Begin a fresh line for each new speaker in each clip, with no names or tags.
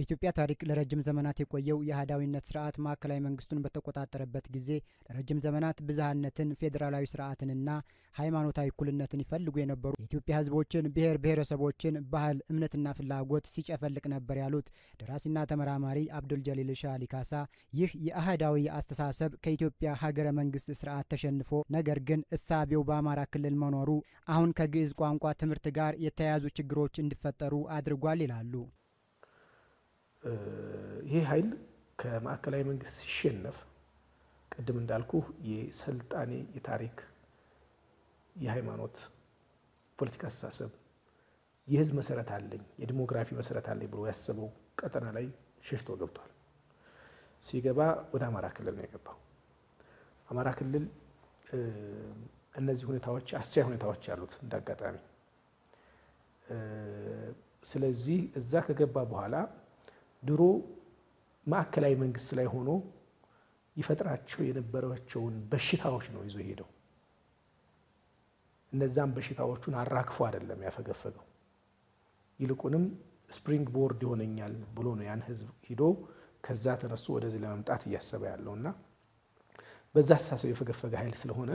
በኢትዮጵያ ታሪክ ለረጅም ዘመናት የቆየው የአህዳዊነት ስርዓት ማዕከላዊ መንግስቱን በተቆጣጠረበት ጊዜ ለረጅም ዘመናት ብዝሃነትን፣ ፌዴራላዊ ስርዓትንና ሃይማኖታዊ እኩልነትን ይፈልጉ የነበሩ የኢትዮጵያ ህዝቦችን ብሔር ብሔረሰቦችን ባህል፣ እምነትና ፍላጎት ሲጨፈልቅ ነበር ያሉት ደራሲና ተመራማሪ አብዱልጀሊል ጀሊል ሻሊ ካሳ ይህ የአህዳዊ አስተሳሰብ ከኢትዮጵያ ሀገረ መንግስት ስርዓት ተሸንፎ ነገር ግን እሳቤው በአማራ ክልል መኖሩ አሁን ከግዕዝ ቋንቋ ትምህርት ጋር የተያያዙ ችግሮች እንዲፈጠሩ አድርጓል ይላሉ።
ይህ ኃይል ከማዕከላዊ መንግስት ሲሸነፍ ቅድም እንዳልኩ የሰልጣኔ የታሪክ፣ የሃይማኖት፣ ፖለቲካ አስተሳሰብ፣ የህዝብ መሰረት አለኝ፣ የዲሞግራፊ መሰረት አለኝ ብሎ ያሰበው ቀጠና ላይ ሸሽቶ ገብቷል። ሲገባ ወደ አማራ ክልል ነው የገባው። አማራ ክልል እነዚህ ሁኔታዎች አስቻይ ሁኔታዎች አሉት እንዳጋጣሚ። ስለዚህ እዛ ከገባ በኋላ ድሮ ማዕከላዊ መንግስት ላይ ሆኖ ይፈጥራቸው የነበራቸውን በሽታዎች ነው ይዞ ሄደው እነዛም በሽታዎቹን አራክፎ አይደለም ያፈገፈገው። ይልቁንም ስፕሪንግ ቦርድ ይሆነኛል ብሎ ነው ያን ህዝብ ሂዶ ከዛ ተነሱ ወደዚህ ለመምጣት እያሰበ ያለው እና በዛ አስተሳሰብ የፈገፈገ ኃይል ስለሆነ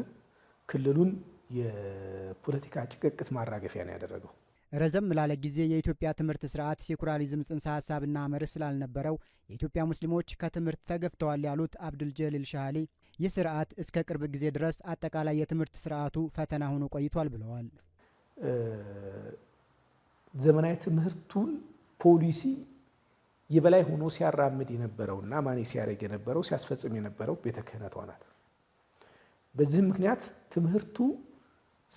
ክልሉን የፖለቲካ ጭቅቅት ማራገፊያ ነው ያደረገው።
ረዘም ላለ ጊዜ የኢትዮጵያ ትምህርት ስርዓት ሴኩላሪዝም ጽንሰ ሀሳብና መርህ ስላልነበረው የኢትዮጵያ ሙስሊሞች ከትምህርት ተገፍተዋል ያሉት አብዱል ጀሊል ይህ ስርዓት እስከ ቅርብ ጊዜ ድረስ አጠቃላይ የትምህርት ስርዓቱ ፈተና ሆኖ ቆይቷል ብለዋል።
ዘመናዊ ትምህርቱን ፖሊሲ የበላይ ሆኖ ሲያራምድ የነበረውና ማኔ ሲያደርግ የነበረው ሲያስፈጽም የነበረው ቤተ ክህነቷ ናት። በዚህም ምክንያት ትምህርቱ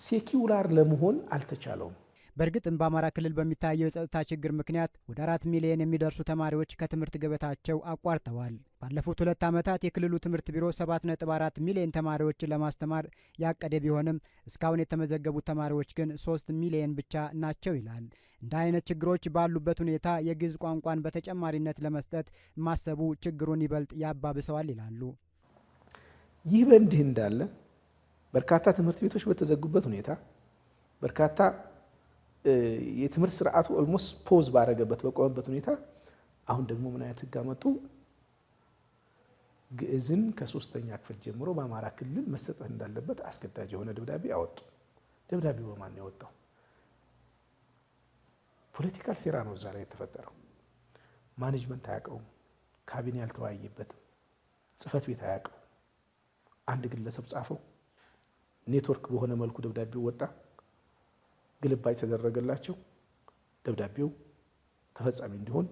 ሴኪውላር ለመሆን አልተቻለውም።
በእርግጥም በአማራ ክልል በሚታየው የጸጥታ ችግር ምክንያት ወደ አራት ሚሊዮን የሚደርሱ ተማሪዎች ከትምህርት ገበታቸው አቋርጠዋል። ባለፉት ሁለት ዓመታት የክልሉ ትምህርት ቢሮ 7.4 ሚሊዮን ተማሪዎችን ለማስተማር ያቀደ ቢሆንም እስካሁን የተመዘገቡት ተማሪዎች ግን 3 ሚሊዮን ብቻ ናቸው ይላል። እንደ አይነት ችግሮች ባሉበት ሁኔታ የግዕዝ ቋንቋን በተጨማሪነት ለመስጠት ማሰቡ ችግሩን ይበልጥ ያባብሰዋል ይላሉ።
ይህ በእንዲህ እንዳለ በርካታ ትምህርት ቤቶች በተዘጉበት ሁኔታ በርካታ የትምህርት ስርዓቱ ኦልሞስት ፖዝ ባረገበት በቆመበት ሁኔታ አሁን ደግሞ ምን አይነት ህግ አመጡ? ግዕዝን ከሶስተኛ ክፍል ጀምሮ በአማራ ክልል መሰጠት እንዳለበት አስገዳጅ የሆነ ደብዳቤ አወጡ። ደብዳቤው በማን ነው የወጣው? ፖለቲካል ሴራ ነው እዛ ላይ የተፈጠረው። ማኔጅመንት አያውቀውም፣ ካቢኔ አልተወያየበትም፣ ጽህፈት ቤት አያውቀው፣ አንድ ግለሰብ ጻፈው። ኔትወርክ በሆነ መልኩ ደብዳቤው ወጣ። ግልባጭ ተደረገላቸው። ደብዳቤው ተፈጻሚ እንዲሆን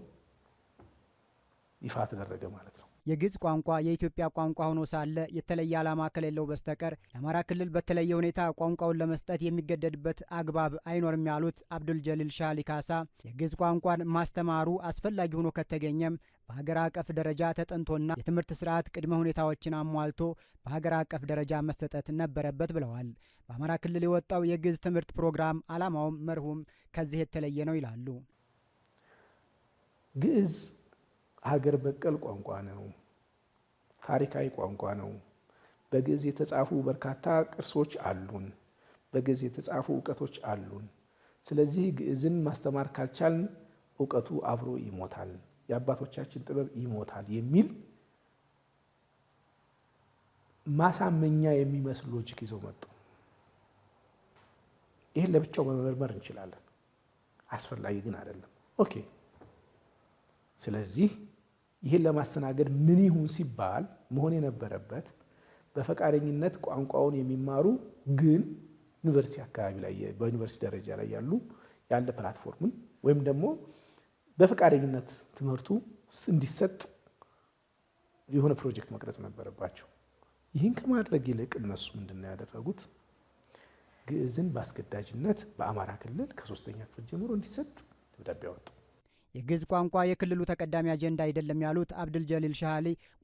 ይፋ ተደረገ ማለት ነው።
የግዕዝ ቋንቋ የኢትዮጵያ ቋንቋ ሆኖ ሳለ የተለየ ዓላማ ከሌለው በስተቀር የአማራ ክልል በተለየ ሁኔታ ቋንቋውን ለመስጠት የሚገደድበት አግባብ አይኖርም ያሉት አብዱልጀሊል ሻሊ ካሳ የግዕዝ ቋንቋን ማስተማሩ አስፈላጊ ሆኖ ከተገኘም በሀገር አቀፍ ደረጃ ተጠንቶና የትምህርት ስርዓት ቅድመ ሁኔታዎችን አሟልቶ በሀገር አቀፍ ደረጃ መሰጠት ነበረበት ብለዋል። በአማራ ክልል የወጣው የግዕዝ ትምህርት ፕሮግራም ዓላማውም መርሁም ከዚህ የተለየ ነው ይላሉ።
ግዕዝ ሀገር በቀል ቋንቋ ነው። ታሪካዊ ቋንቋ ነው። በግዕዝ የተጻፉ በርካታ ቅርሶች አሉን። በግዕዝ የተጻፉ እውቀቶች አሉን። ስለዚህ ግዕዝን ማስተማር ካልቻልን እውቀቱ አብሮ ይሞታል፣ የአባቶቻችን ጥበብ ይሞታል የሚል ማሳመኛ የሚመስል ሎጂክ ይዘው መጡ። ይህን ለብቻው መመርመር እንችላለን፣ አስፈላጊ ግን አይደለም። ኦኬ። ስለዚህ ይህን ለማስተናገድ ምን ይሁን ሲባል መሆን የነበረበት በፈቃደኝነት ቋንቋውን የሚማሩ ግን ዩኒቨርሲቲ አካባቢ ላይ በዩኒቨርሲቲ ደረጃ ላይ ያሉ ያለ ፕላትፎርምን ወይም ደግሞ በፈቃደኝነት ትምህርቱ እንዲሰጥ የሆነ ፕሮጀክት መቅረጽ ነበረባቸው። ይህን ከማድረግ ይልቅ እነሱ ምንድን ነው ያደረጉት? ግዕዝን በአስገዳጅነት በአማራ ክልል ከሶስተኛ ክፍል ጀምሮ እንዲሰጥ ደብዳቤ አወጡ።
የግዕዝ ቋንቋ የክልሉ ተቀዳሚ አጀንዳ አይደለም ያሉት አብድል ጀሊል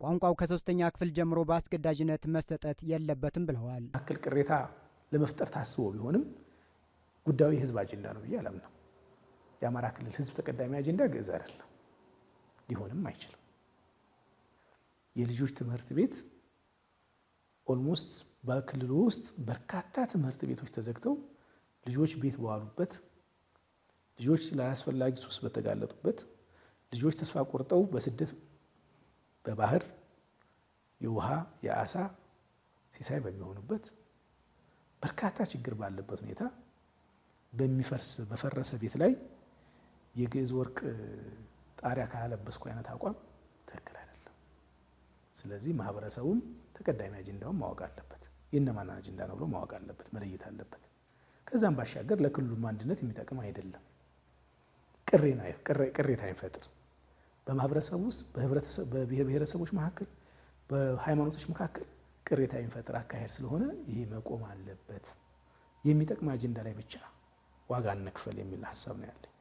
ቋንቋው ከሶስተኛ ክፍል ጀምሮ በአስገዳጅነት መሰጠት የለበትም ብለዋል።
አክል ቅሬታ ለመፍጠር ታስቦ ቢሆንም ጉዳዩ የህዝብ አጀንዳ ነው ብዬ አላምነው። የአማራ ክልል ህዝብ ተቀዳሚ አጀንዳ ግዕዝ አይደለም፣ ሊሆንም አይችልም። የልጆች ትምህርት ቤት ኦልሞስት በክልሉ ውስጥ በርካታ ትምህርት ቤቶች ተዘግተው ልጆች ቤት በዋሉበት ልጆች ለአስፈላጊ ሱስ በተጋለጡበት፣ ልጆች ተስፋ ቆርጠው በስደት በባህር የውሃ የአሳ ሲሳይ በሚሆኑበት፣ በርካታ ችግር ባለበት ሁኔታ በሚፈርስ በፈረሰ ቤት ላይ የግዕዝ ወርቅ ጣሪያ ካላለበስኩ አይነት አቋም ትክክል አይደለም። ስለዚህ ማህበረሰቡም ተቀዳሚ አጀንዳውን ማወቅ አለበት። የእነማን አጀንዳ ነው ብሎ ማወቅ አለበት፣ መለየት አለበት። ከዛም ባሻገር ለክልሉም አንድነት የሚጠቅም አይደለም። ቅሬታ አይፈጥር። በማህበረሰብ ውስጥ በብሔረሰቦች መካከል፣ በሃይማኖቶች መካከል ቅሬታ የሚፈጥር አካሄድ ስለሆነ ይህ መቆም አለበት። የሚጠቅም አጀንዳ ላይ ብቻ ዋጋ እንክፈል የሚል ሀሳብ ነው ያለኝ።